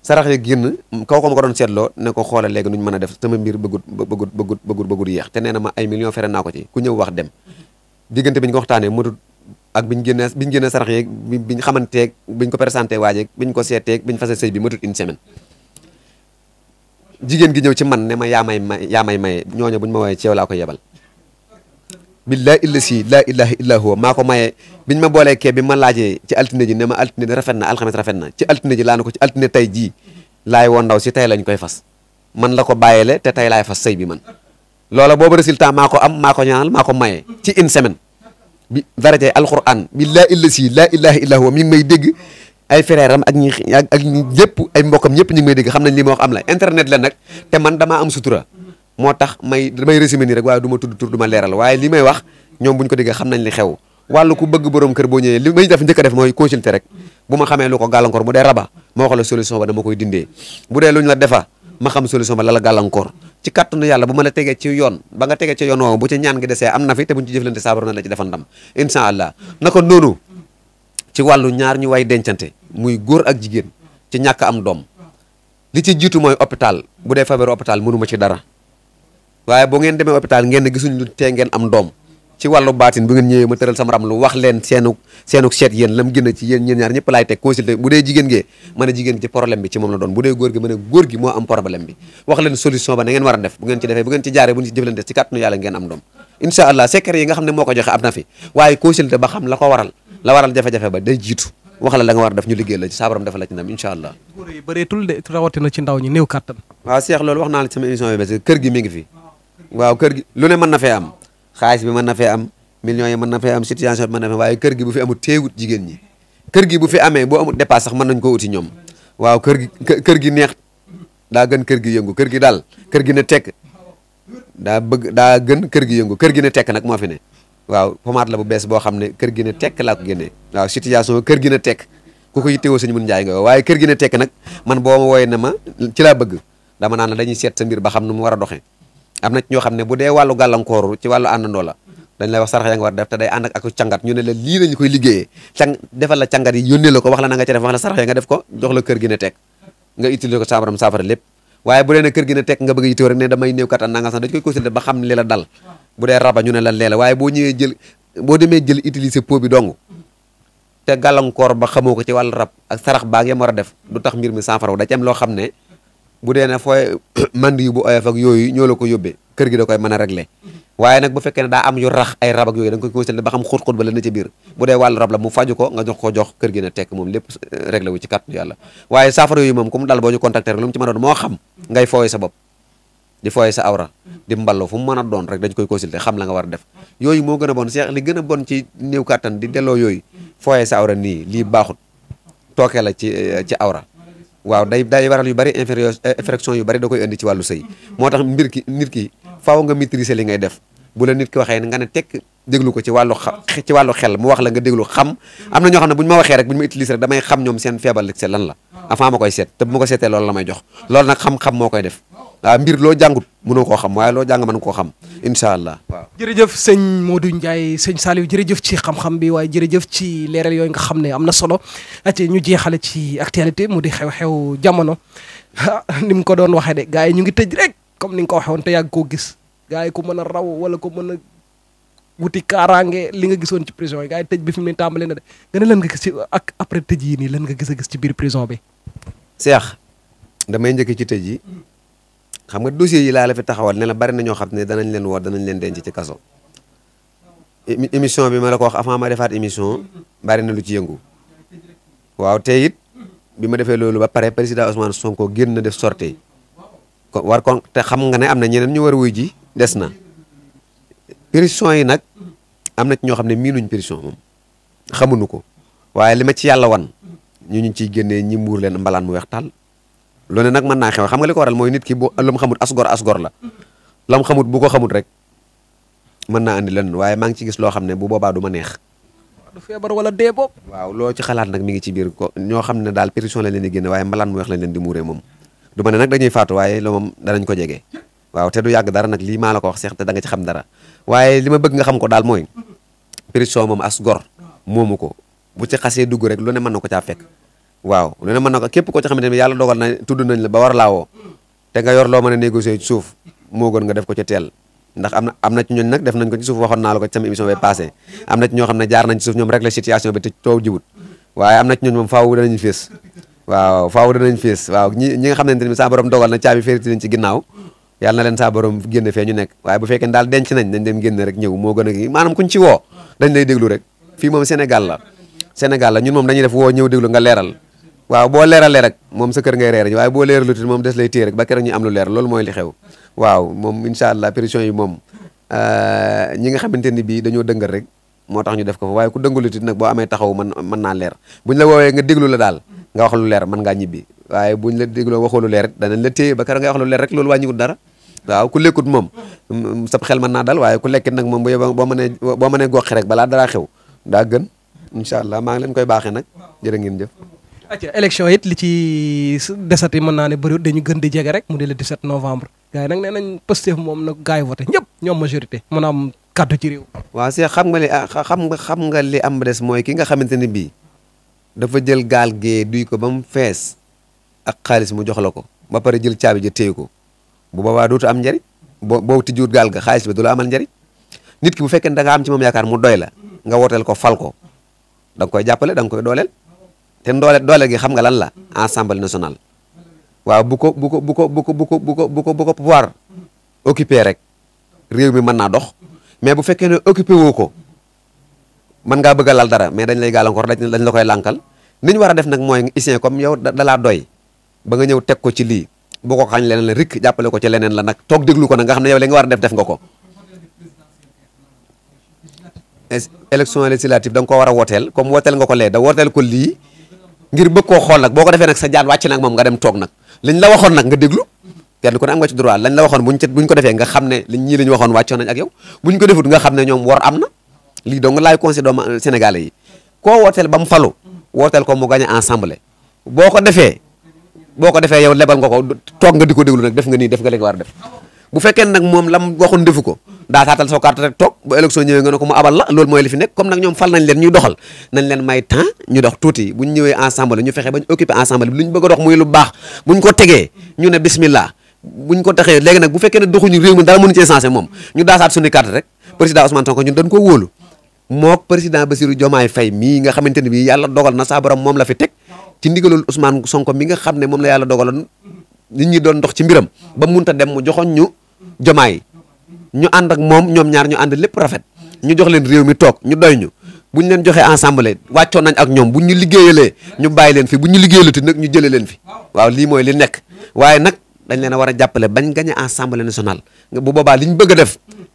S2: sarax yi génn kaw ko ma ko doon seetloo ne ko xoolal léegi nuñ mën a def sama mbir bëggut bëggut bëggut bëggut bëggut yéex te nee na ma ay million fere naa ko ci ku ñëw wax dem diggante bi ñu ko waxtaanee matut ak biñ génnee sarax yeeg biñ xamanteeg biñ ko présenté waajeeg biñ ko seeteeg biñ jigéen gi ñëw ci man ne ma yaa may may yaa may maye ñooño buñ ma woowee ci yow laa ko yebal billahi illa si laa ilaha illa huwa maa ko maye biñ ma boolee kee bi ma laaje ci altine ji ne ma altine rafet na alxames rafet na ci altine ji laa ko ci altine tay jii laay woo ndaw si tay lañ koy fas man la ko bàyyeele te tay laay fas sëy bi man loola boobu résultat maa ko am maa ko ñaanal maa ko maye ci une semaine bi darajee alquran billahi illa si laa ilaha illa may dégg ay frère am ak ñi ak ak ñëpp ay mbokkam ñëpp ñu may dégg xam nañ li ma wax am la internet la nag te man damaa am sutura moo tax may damay résumé nii rek waaye du tudd tudd tur du ma leeral waaye lii may wax ñoom bu ko déggee xam nañ li xew wàllu ku bëgg borom kër boo ñëwee li may def njëkk def mooy consulter rek bu ma ko gàllankoor bu dee raba ma wax la koy dindee bu dee lu ñu defa ma xam solution ba la la gàllankoor ci kàttanu yàlla bu ma la tegee ci yoon ba nga tegee ci yoon woowu bu ci ñaan gi desee am na fi te buñ ci jëflante saabaru na la ci defal ndam incha allah naka noonu ci wàllu ñaar way dencante muy góor ak jigéen ci ñàkk am doom li ci jiitu mooy hôpital bu dee feebaru hôpital mënuma ci dara waaye boo ngeen demee hôpital ngeen ne gisuñ lu tee ngeen am doom ci wàllu baatin bu ngeen ñëwee ma tëral sama ram lu wax leen seenu seenu seet yéen lam gën ci yéen ñeen ñaar ñëpp laay teg bu dee jigéen gee ma ne jigéen gi ci problème bi ci moom la doon bu dee góor gi ma ne góor gi moo am problème bi wax leen solution ba na ngeen war a def bu ngeen ci defee bu ngeen ci jaaree bu ñu ci jëflante ci kàttanu yàlla ngeen am doom incha allah ne moo ko joxe am na fi waaye consulté ba xam la waral la waral jafe-jafe wax la la waar def ñu liggéey la ci saabaram defal la ci nam incha
S1: rawatina ci ndaw ñi néew kattan. waaw
S2: Cheikh loolu wax naa la ci sama émission bi parce gi mi ngi fi waaw kër gi lu ne mën na fee am xaalis bi mën na fee am millions yi mën na fee am situation bi mën na fee waaye kër gi bu fi amul teewut jigéen ñi kër gi bu fi amee boo amul dépasse sax mën nañ ko uti ñoom waaw kër gi kër gi neex daa gën kër gi yëngu kër gi daal kër gi ne tekk daa bëgg daa gën kër gi yëngu kër gi ne tekk nag moo fi ne waaw pommade la bu bees boo xam ne kër gi ne tekk laa ko génnee waaw situation kër gi ne tekk ku ko yittewoo sëñ mun waaye kër gi ne tekk nag man boo ma ne ma laa bëgg dama naan dañuy seet sa mbir xam nu mu war a doxee am na ci ñoo xam ne bu dee wàllu gàllankooru ci wàllu àndandoo la dañ lay wax sarax ya nga ñu ne la lii lañ koy liggéeyee càng defal la càngat yi la ko wax na nga ci def nga def ko jox la kër gi ne tekk nga utiliser ko saabaram saafara lépp waaye bu dee ne kër gi ne tekk nga bëgg yittewoo rek ne dañ koy consulter ba xam li la dal bu dee raba ñu ne la lee la waaye boo ñëwee jël boo demee jël utiliser pot bi dong te gàllankoor ba xamoo ko ci wàllu rab ak sarax baag yam war a def du tax mbir mi saafaraw da ci loo xam ne bu dee ne ko yóbbee kër gi da a régler waaye nag bu fekkee ne daa am yu rax ay rab ak yooyu da nga koy consulter ba xam xóot-xóot ba la na ci biir bu dee wàllu rab la mu faju ko nga jox ko jox kër gi ne tekk moom lépp eh, réglé wu ci kàttu yàlla waaye saafara yooyu moom comme daal boo ñu contacter lu mu ci mën a moo xam ngay fooye sa bopp di fooye sa awra di mballo fu mu mën a doon rek dañ koy consulter xam la nga war a def yooyu moo gën a bon seex li gën a bon ci néew di delloo yooyu fooye sa awra nii lii baaxut tookee la ci eh, ci awra waaw day day waral yu bari eh, infection yu bari da koy indi ci wàllu sëy moo tax mbir ki nit ki faaw nga maîtriser li ngay def bu la nit ki waxee nga ne tekk déglu ko ci wàllu ci wàllu xel mu wax la nga déglu xam am na ñoo xam ma waxee rek bu ñu damay xam ñoom seen feebar la lan la a ma koy seet te bu ma ko seetee loolu la may jox loolu na xam-xam moo koy def ah mbir loo jàngut mënoo koo xam waaye loo jàng mën koo xam incha allah waaw
S1: jërëjëf sëñ Modou Ndiaye sëñ Saliou jërëjëf ci xam-xam bi waaye jërëjëf ci leeral yooyu nga xam ne am na solo ate ñu jeexale ci actualité mu di xew-xew jamono ni mu ko doon waxee de gars yi ñu ngi tëj rek comme ni nga ko waxee woon te yàgg koo gis gars yi ko mën a raw wala ko mën a wuti kaaraange li nga gisoon ci prison yi gars tëj bi fi mu ne tàmbale na de nga ne gis ci ak après tëj lan nga gis gis ci biir prison bi
S2: Cheikh damay ci tëj yi mm. xam nga dossiers yi laa la fi taxawal ne la bari na ñoo xam ne danañ leen woo danañ leen denc ci kaso émission bi ma la ko wax avant ma defaat émission bari na lu ci yëngu waaw te it bi ma defee loolu ba pare président Ousmane Sonko génn na def sortie kon war kon te xam nga ne am na ñeneen ñu war a wuy ji des na prison yi nag am na ñoo xam ne miinuñ prison moom xamuñu ko waaye li ma ci yàlla wan ñu ñu ciy génnee ñi muur leen mbalaan mu weex tàll lu ne nag mën naa xew xam nga li ko waral mooy nit ki bu lu mu xamut asgor asgor la lam xamut bu ko xamut rek mën naa andi lenn waaye maa ngi ci gis loo xam ne bu boobaa du ma neex.
S1: du feebar wala dee boobu.
S2: waaw loo ci xalaat nag mi ngi ci biir ko ñoo xam ne daal pétition lañ leen di waaye mbalaan mu wax lañ leen di muuree moom du ma ne nag dañuy waaye loolu moom danañ ko jege waaw te du yàgg dara nag lii maa la ko wax seex te da ci xam dara waaye li ma bëgg nga xam ko daal mooy pétition moom as gor moomu ko bu ci xasee dugg rek lu ne mën na ko caa fekk waaw lu ne mën na ko képp koo ci xamante ne yàlla dogal na tudd nañ la ba war laa woo te nga ko teel na am na ci ñooñ nag def nañ ko ci suuf waxoon naa la ko ci sama émission bay am xam ne jaar nañ ci suuf ñoom rek la situation bi te coow ñi nga xamante ne sa borom dogal na caabi féeriti ci ginnaaw yàlla na leen saa borom génne fee waaye bu fekkee daal denc nañ dañ dem génne rek ñëw moo gën a gi maanaam kuñ ci woo dañ lay déglu rek fii moom Sénégal la Sénégal la ñun moom dañuy def woo ñëw déglu nga leeral waaw boo leeralee rek moom sa kër ngay reer waaye boo leeralu tuuti moom des lay téye rek ba keroog ñu am lu leer moom incha allah pétition yi moom euh, nga xamante ni bii dañoo dëngal rek moo tax ñu def ko waaye ku dëngalu tuuti nag boo amee taxaw man mën naa leer la woowee nga déglu la daal nga wax lu leer mën ngaa ñibbi waaye buñ la dégloo waxoo lu leer danañ la ba keroog ngay lu leer rek loolu wàññiwut dara waaw ku lekkut moom mm, mm, sab xel mën naa dal waaye ku lekkit nag moom bu yóbboo boo mënee boo mënee gox rek balaa dara xew daa gën incha allah maa ngi leen koy baaxee nag jërë ngeen jëf
S1: acca élection it li ci desati mën naa ne bëriwut ñu gën di jege rek mu di le 17 novembre gars yi nag nee nañ Pastef moom na gars yi voté ñëpp ñoom majorité mën a am ci réew
S2: waase see xam nga li ah, xam nga xam nga li am des mooy ki nga xamante ne bii dafa jël gaal gee duy ko ba mu fees ak xaalis mu jox la ko ba pare jël caabi ja téye ko bu boobaa dootu am njariñ boo boo tijjuut gaal ga xaalis bi du la amal njariñ nit ki bu fekkee ne da nga am ci moom yaakaar mu doy la nga wooteel ko fal ko te doole doole gi xam nga lan la assemblée nationale waaw bu ko bu ko bu ko bu ko bu ko bu ko bu ko bu ko pouvoir occupé rek réew mi mën naa dox mais bu fekkee ne occupé woo ko mën ngaa bëgg a dara mais dañ lay gàllankoor dañ la koy lankal ni ñu war a def nag mooy issin comme yow da laa doy ba nga ñëw teg ko ci lii boo ko xañ leneen la rikk jàppale ko ci leneen la nag toog déglu ko nag nga xam ne yow li nga war a def def nga ko élection législative ko war a wooteel comme wooteel nga ko lee da lii gir bëgg ko xool nag boo ko defee nag sa jaan wàcc nag moom nga dem toog nag liñ la waxoon nag nga déglu kenn ku ne am nga la waxoon buñ ci buñ ko defee nga xam ne ko defut nga xam ne ñoom war am na lii dong laay conseil doomu sénégalais yi koo wooteel ba mu falu wooteel ko mu gagné ensemble boo ko defee boo ko defee yow lebal nga ko toog nga di ko déglu nag def nga nii def nga li nga war a def bu fekkee nag moom lam waxoon defu ko daa taatal soo carte rek toog ba élection ñëwee nga ne ko mu abal la loolu mooy li fi nekk comme nag ñoom fal nañ leen ñuy doxal nañ leen may temps ñu dox tuuti buñ ñëwee ensemble ñu fexe bañ occupé ensemble bi ñu bëgg a muy lu baax buñ ko tegee ñu ne bismillah taxee léegi nag bu fekkee ne doxuñu réew mi dara mënu ci sensé moom ñu daasaat suñu carte rek président Ousmane Sonko ñun dañ ko wóolu mook président Bassirou Diomaye Faye mii nga xamante ne bii yàlla dogal na saa moom la fi teg ci ndigalul Ousmane Sonko nga xam ne moom la yàlla dogaloon nit ñi doon dox ci mbiram ba munta dem mu joxoon ñu Diomaye ñu ànd ak moom ñoom ñaar ñu ànd lépp rafet ñu jox leen réew mi toog ñu doy ñu bu ñu leen joxee ensemble wàccoon nañ ak ñoom bu ñu liggéeyalee ñu bàyyi leen fi bu ñu liggéeyalati nag ñu jëlee leen fi waaw lii mooy li nekk waaye nag dañ leen war a jàppale bañ gañe assemblée nationale bu boobaa li ñu bëgg a def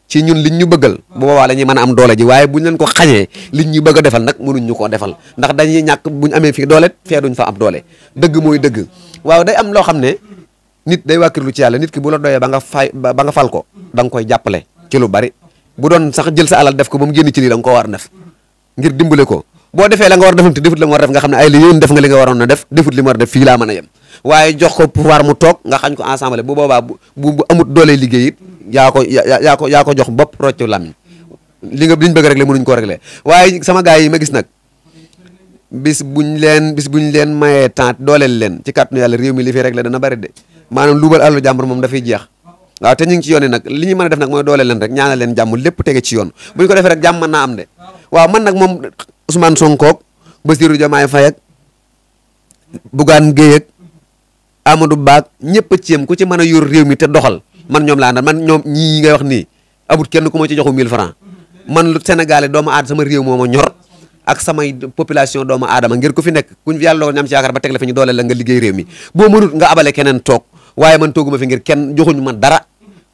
S2: ci ñun liñ ñu bëggal bu boobaa la ñuy mën a am doole ji waaye buñ leen ko xañee liñ ñu bëgg defal nag mënuñ ñu koo defal ndax dañuy ñàkk buñ amee fii doole fee duñ fa am doole dëgg mooy dëgg waaw day am loo xam ne nit day lu ci yàlla nit ki bu la doyee ba nga fay ba nga fal ko da nga koy jàppale ci lu bari bu doon sax jël sa alal def ko ba mu génn ci lii da nga ko war a def ngir dimbale ko boo defee la nga war a defam te defut def nga xam ne ay li yéen def nga li nga waroon a def defut li mu war a def fii laa mën a yem waaye jox ko pouvoir mu toog nga xañ ko ensemble bu boobaa bu bu amut doole liggéey yaako yaako yaa ko yaa ko jox bopp roccu làmmiñ li nga liñ bëgg régler mënuñ koo régler waaye sama gars yi ma gis nag bis buñ leen bis buñ leen mayee temps dooleel leen ci kàttanu yàlla réew mi li fi régler dana bari de maanaam luubal àllu jàmbur moom dafay jeex waaw te ñu ngi yoon yi nag li ñu mën a def nag mooy doole leen rek ñaanal leen jàmm lépp tege ci yoon bu ñu ko defee rek jàmm mën naa am de waaw man nag moom Ousmane Sonko Bassirou Diomaye Faye ak Bougane Gueye ak Amadou Ba ñëpp a ceem ku ci mën a yor réew mi te doxal man ñoom laa na man ñoom ñii ngay wax nii amut kenn ku ma ci joxu 1000 francs man lu Sénégalais doomu aadama sama réew moo ñor ak samay population doomu aadama ngir ku fi nekk kuñ fi yàlla dogal ñam ci yaakaar ba teg la fi ñu doole la nga liggéey réew mi boo mënut nga abale keneen toog waaye man tooguma fi ngir kenn joxuñu ma dara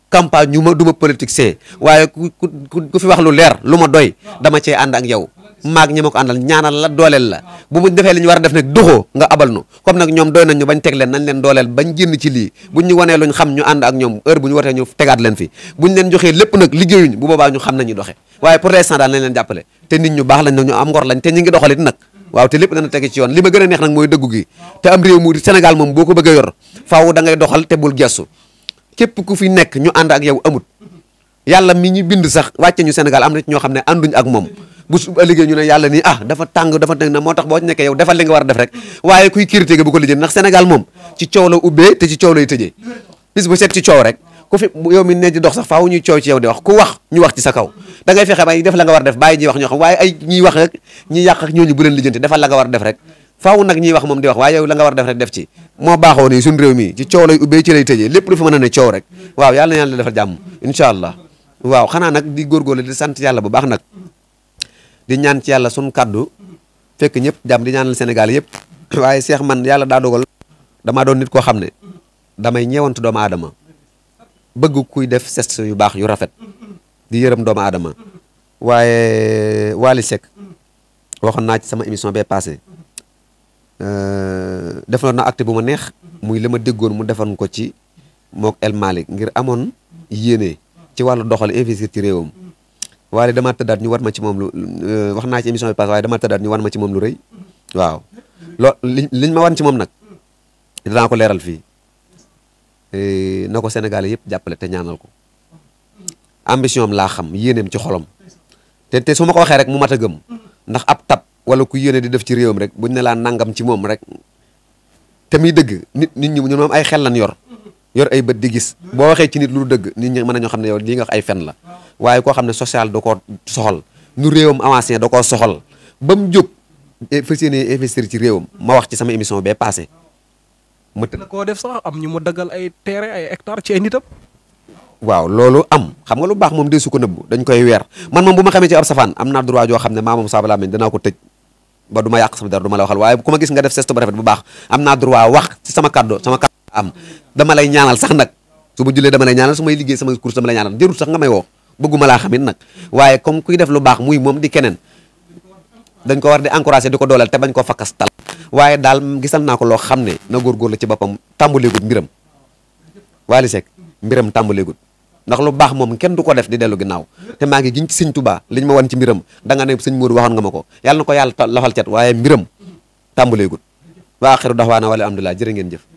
S2: campagne ñu ma du politicien waaye ku ku fi wax lu leer lu ma doy dama cee ànd ak yow maag ñi ma ñaana àndal ñaanal la dooleel la bu mu defee li ñu war a def nag doxoo nga abal nu comme nag ñoom doy nañ ñu bañ teg leen nañ leen dooleel bañ génn ci lii buñ ñu wanee luñ xam ñu ànd ak ñoom heure bu ñu watee ñu tegaat leen fi buñ leen joxee lépp nag liggéeyuñ bu boobaa ñu xam nañu doxe waaye pour l'instant daal nañ leen jàppale te nit ñu baax lañ nag ñu am ngor lañ te ñu ngi doxalit nag waaw te lépp dana tege ci yoon li gën a neex nag mooy dëggu gi te am réew mu Sénégal moom boo ko bëggee yor faaw ngay doxal te bul gestu képp ku fi nekk ñu ànd ak yow amut yàlla mi ñu bind sax wàcce ñu senegal am ne ci ñoo xam ne ànduñ ak moom bu su liggéey ñu ne yàlla ni a ah, dafa tàng dafa tàng na moo tax boo ci nekkee yow defal li nga war a def rek waaye kuy critiquer bu ko lijjee ndax Sénégal moom ci coow la ubbee te ci coow lay tëjee bis bu set ci coow rek ku fi yow mi ne ci dox sax faaw ñuy coow ci yow di wax ku wax ñu wax ci sa kaw da ngay fexe ba def la nga war def bàyyi ñuy wax ñoo xam waaye ay ñuy wax rek ñuy bu leen lijjanti defal la nga war def rek faaw nag ñuy wax moom di wax waaye yow la nga war def rek def ci moo baaxoo nii suñu réew mi ci coow lay ubbee ci lay tëjee lépp lu fi mën a ne coow rek waaw yàlla na yàlla defal jàmm allah waaw xanaa nag di la di sant yàlla bu baax nag di ñaan ci yàlla suñu kaddu fekk ñëpp jàmm di ñaanal senegal yëpp waaye seex man yàlla daa dogal damaa doon nit koo xam ne damay ñeewantu doomu aadama bëggu kuy def geste yu baax yu rafet di yërëm doomu aadama waaye Waly Seck waxoon naa ci sama émission bee passé euh, defaloon na acte bu ma neex muy li ma déggoon mu defoon ko ci mook El Malick ngir amoon yéene ci wàllu doxal investir ci réewam waaye dama tëddaat ñu war ma ci moom lu euh, wax naa ci émission dama tëddaat ñu war ma ci moom lu rëy waaw loo li liñ ma wan ci moom nag danaa ko leeral fii Eh, na ko Sénégalais yëpp jàppale te ñaanal ko ambition am laa xam yéeneem ci xolam te te su ma ko waxee rek mu mata a gëm ndax ab tab wala ku yéene di def ci réewam rek buñ ne laa nangam ci moom rek te muy dëgg nit ñu ñi ñun moom ay xel lan yor yor ay bët di gis boo waxee ci nit lu dëgg nit ñi mën nañoo xam ne yow lii nga ay fen la waaye koo xam ne social da koo soxal nu réewam avancé da koo soxal ba mu jóg eh, fas yéene investir ci réewam ma wax ci sama émission bee passé mu tëdd
S1: koo def sax am ñu mu daggal ay ay hectare ci ay nitam.
S2: waaw loolu am xam nga lu baax moom de su ko nëbbu koy weer man moom bu ma xamee ci ab safaan am naa droit xam ne maa moom Saba Lamine danaa ko tëj ba du ma la waxal waaye ku ma gis nga def geste bu rafet bu baax am naa droit wax am dama lay ñaanal sax nag su ma jullee dama lay ñaanal su may liggéey sama course dama lay ñaanal jërul sax nga may woo bëgguma laa xamit nag waaye comme kuy def lu baax muy moom di keneen dañ ko war di encourager di ko dooleel te bañ koo fakkas tal waaye daal gisal naa ko loo xam ne na góorgóor la ci boppam tàmbaleegut mbiram Wally sek mbiram tàmbaleegut ndax lu baax moom kenn du ko def di dellu naaw te maa gi giñ ci sëñ Tuubaa liñ ma wan ci mbiram danga nga ne sëñ Moodu waxoon nga ma ko yàlla na ko yàlla lafal cet waaye mbiram tàmbaleegut waa axiru daxwaana wala alhamdulilah jërë ngeen jëf